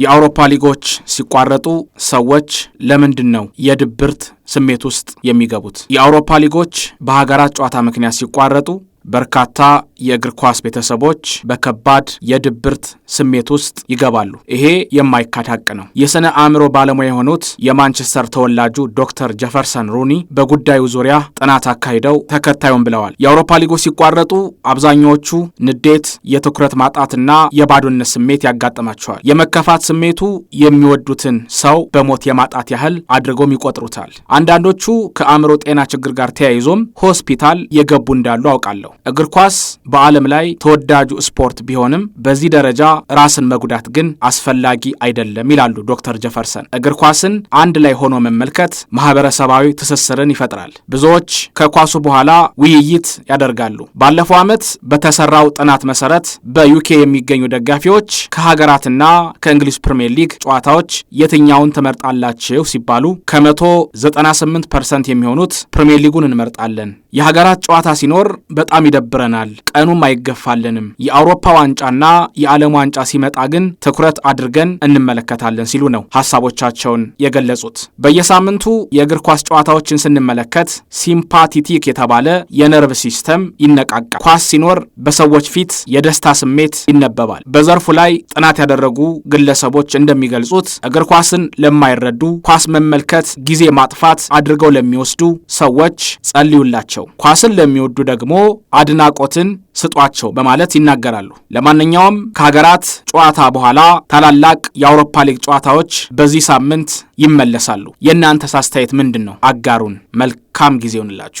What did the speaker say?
የአውሮፓ ሊጎች ሲቋረጡ ሰዎች ለምንድን ነው የድብርት ስሜት ውስጥ የሚገቡት? የአውሮፓ ሊጎች በሀገራት ጨዋታ ምክንያት ሲቋረጡ በርካታ የእግር ኳስ ቤተሰቦች በከባድ የድብርት ስሜት ውስጥ ይገባሉ። ይሄ የማይካዳቅ ነው። የሥነ አእምሮ ባለሙያ የሆኑት የማንቸስተር ተወላጁ ዶክተር ጀፈርሰን ሩኒ በጉዳዩ ዙሪያ ጥናት አካሂደው ተከታዩን ብለዋል። የአውሮፓ ሊጎች ሲቋረጡ አብዛኛዎቹ ንዴት፣ የትኩረት ማጣትና የባዶነት ስሜት ያጋጥማቸዋል። የመከፋት ስሜቱ የሚወዱትን ሰው በሞት የማጣት ያህል አድርገውም ይቆጥሩታል። አንዳንዶቹ ከአእምሮ ጤና ችግር ጋር ተያይዞም ሆስፒታል የገቡ እንዳሉ አውቃለሁ። እግር ኳስ በዓለም ላይ ተወዳጁ ስፖርት ቢሆንም በዚህ ደረጃ ራስን መጉዳት ግን አስፈላጊ አይደለም ይላሉ ዶክተር ጀፈርሰን። እግር ኳስን አንድ ላይ ሆኖ መመልከት ማህበረሰባዊ ትስስርን ይፈጥራል። ብዙዎች ከኳሱ በኋላ ውይይት ያደርጋሉ። ባለፈው ዓመት በተሰራው ጥናት መሰረት በዩኬ የሚገኙ ደጋፊዎች ከሀገራትና ከእንግሊዝ ፕሪምየር ሊግ ጨዋታዎች የትኛውን ትመርጣላችሁ ሲባሉ ከመቶ 98 ፐርሰንት የሚሆኑት ፕሪምየር ሊጉን እንመርጣለን። የሀገራት ጨዋታ ሲኖር በጣም ይደብረናል ቀኑም አይገፋልንም። የአውሮፓ ዋንጫና የዓለም ዋንጫ ሲመጣ ግን ትኩረት አድርገን እንመለከታለን ሲሉ ነው ሀሳቦቻቸውን የገለጹት። በየሳምንቱ የእግር ኳስ ጨዋታዎችን ስንመለከት ሲምፓቲቲክ የተባለ የነርቭ ሲስተም ይነቃቃል። ኳስ ሲኖር በሰዎች ፊት የደስታ ስሜት ይነበባል። በዘርፉ ላይ ጥናት ያደረጉ ግለሰቦች እንደሚገልጹት እግር ኳስን ለማይረዱ ኳስ መመልከት ጊዜ ማጥፋት አድርገው ለሚወስዱ ሰዎች ጸልዩላቸው። ኳስን ለሚወዱ ደግሞ አድናቆትን ስጧቸው በማለት ይናገራሉ። ለማንኛውም ከሀገራት ጨዋታ በኋላ ታላላቅ የአውሮፓ ሊግ ጨዋታዎች በዚህ ሳምንት ይመለሳሉ። የእናንተ አስተያየት ምንድን ነው? አጋሩን። መልካም ጊዜ ይሆንላችሁ።